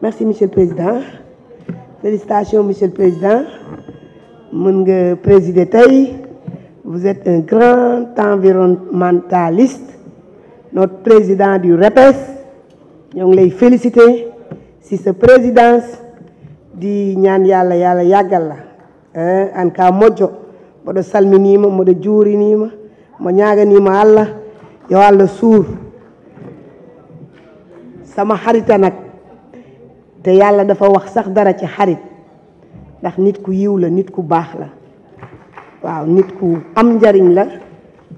merci monsieur le président félicitations monsieur le président mën nga présider tey vous êtes un grand environnementaliste notre président du REPES ñoo ngi lay féliciter si sa présidence di ñaan yàlla yàlla yàggal la an ka moƴƴo mboɗo salminima mboɗo juurinima mo ñaganima allah yo allah suur sama xarita nag te yàlla dafa wax sax dara ci xarit ndax nit ku yiw la nit ku baax la waaw nit ku am njariñ la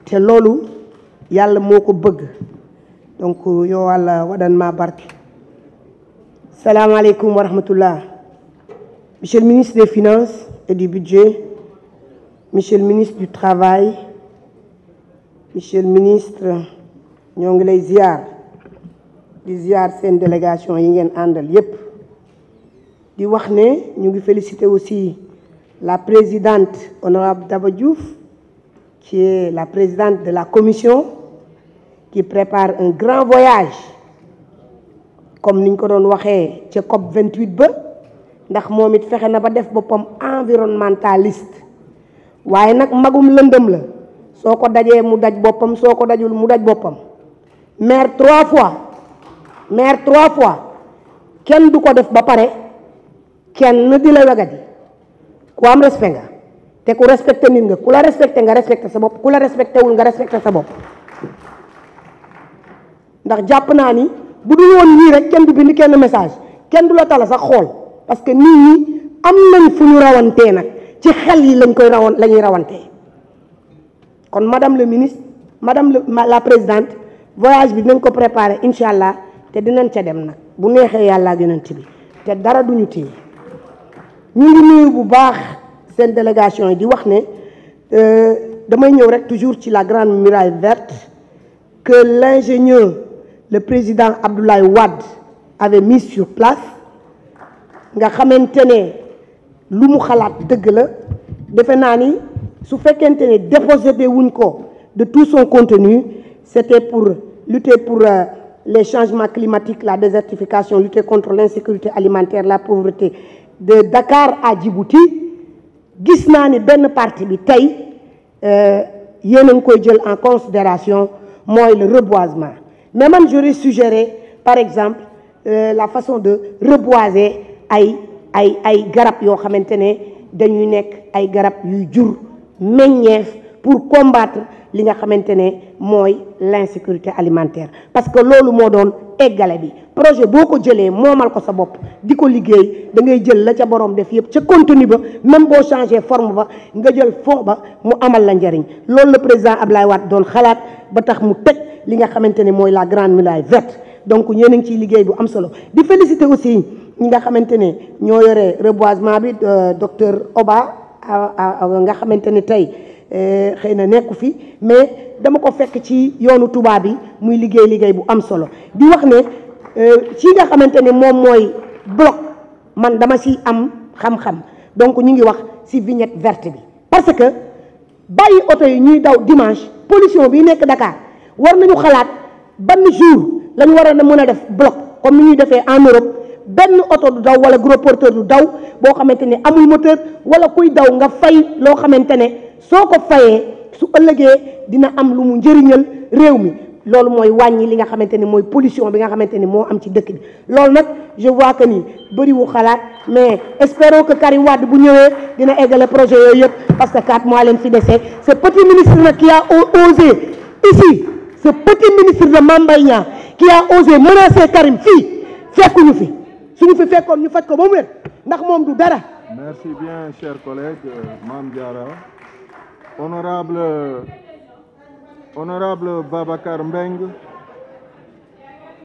te loolu yàlla moo ko bëgg donc yow wàlla wadan ma barke salaamaaleykum wa rahmatullah monsieur le ministre des finances et du budget monsieur le ministre du travail monsieur ministre ñoo ngi lay ziar di ziar seen délégation yi ngeen àndal yépp di wax ne ñu ngi féliciter aussi la présidente honorable Daba Diouf qui la présidente de la commission ki prépare un grand voyage comme niñ ko doon waxee ca COP 28 ba ndax moom it fexe na ba def boppam environnementaliste waaye nag magum lëndëm la soo ko dajee mu daj boppam soo ko dajul mu daj boppam maire trois fois maire trois fois kenn du ko def ba pare kenn di la wegati ku am respect nga te ku respecté nit nga ku la respecté nga respecté sa bopp ku la respecté wul nga respecté sa bopp ndax jàpp naa ni bu dul woon nii rek kenn du bind kenn message kenn du la tala sax xool parce que nit ñi am nañ fu ñu rawantee nag ci xel yi lañ koy rawan la ñuy rawantee kon madame le ministre madame la présidente voyage bi dinañ ko préparer incha allah te dinañ ca dem nag bu neexee yàlla ak yonent bi te dara duñu téye ñu ngi nuyu bu baax seen délégation yi di wax ne euh, damay ñëw rek toujours ci la grande muraille verte que l'ingénieur le président Abdoulaye Wade avait mis sur place nga xamante ne lu mu xalaat dëgg la defe naa ni su fekkente ne déposé wuñ ko de tout son contenu c'était pour lutter pour euh, les changement climatique la désertification, lutter contre l'insécurité alimentaire, la pauvreté. De Dakar à Djibouti, gis naa ni benn partie bi tey euh, yéen a ngi koy jël en considération mooy le reboisement mais man j'aurais suggéré par exemple euh, la façon de reboiser ay ay ay garab yoo xamante ne dañuy nekk ay garab yuy jur meññeef pour combattre li nga xamante ne mooy l'insécurité alimentaire parce que loolu moo doon eggale bi projet boo ko jëlee moomal ko sa bopp di ko liggéey da ngay jël la ca borom def yëpp ca contenu ba même boo changé forme ba nga jël fond ba mu amal la njariñ loolu la président Ablaye Wade doon xalaat ba tax mu teg li nga xamante ne mooy la grande muraille verte donc ñeen a ngi ciy liggéey bu am solo di féliciter aussi ñi nga xamante ne ñoo yore reboisement bi euh, docteur Oba nga xamante ne tey Euh, xëy na nekku fi mais dama ko fekk ci yoonu tubaab bi muy liggéey liggéey bu am solo di wax ne euh, ci nga xamante ne moom mooy bloc man dama si am xam-xam donc ñu ngi wax ci vignette verte bi parce que bàyyi oto yi ñuy daw dimanche pollution bi nekk Dakar war nañu xalaat benn jour lañu war a mën a def bloc comme ni ñuy defee en Europe benn oto du daw wala gros porteur du daw boo xamante ne amul moteur wala kuy daw nga fay loo xamante ne soo ko fayee su ëllëgee dina am lu mu njëriñal réew mi loolu mooy wàññi li nga xamante ni mooy polition bi nga xamante ni moo am ci dëkk bi loolu nag je vois que ni bëriwu xalaat mais espérons que Karim Wade bu ñëwee dina eggale projet yooyu yëpp parce que quatre mois leen fi desee ce petit ministre nag qui a osé ici ce petit ministre de Mame Mbaye Niang qui a osé menacer Karim fii fekkuñu fi suñu fi fekkoon ñu faj ko ba mu wér ndax moom du dara merci bien cher collègue Mame Diarra honorable, honorable Babacar Mbeng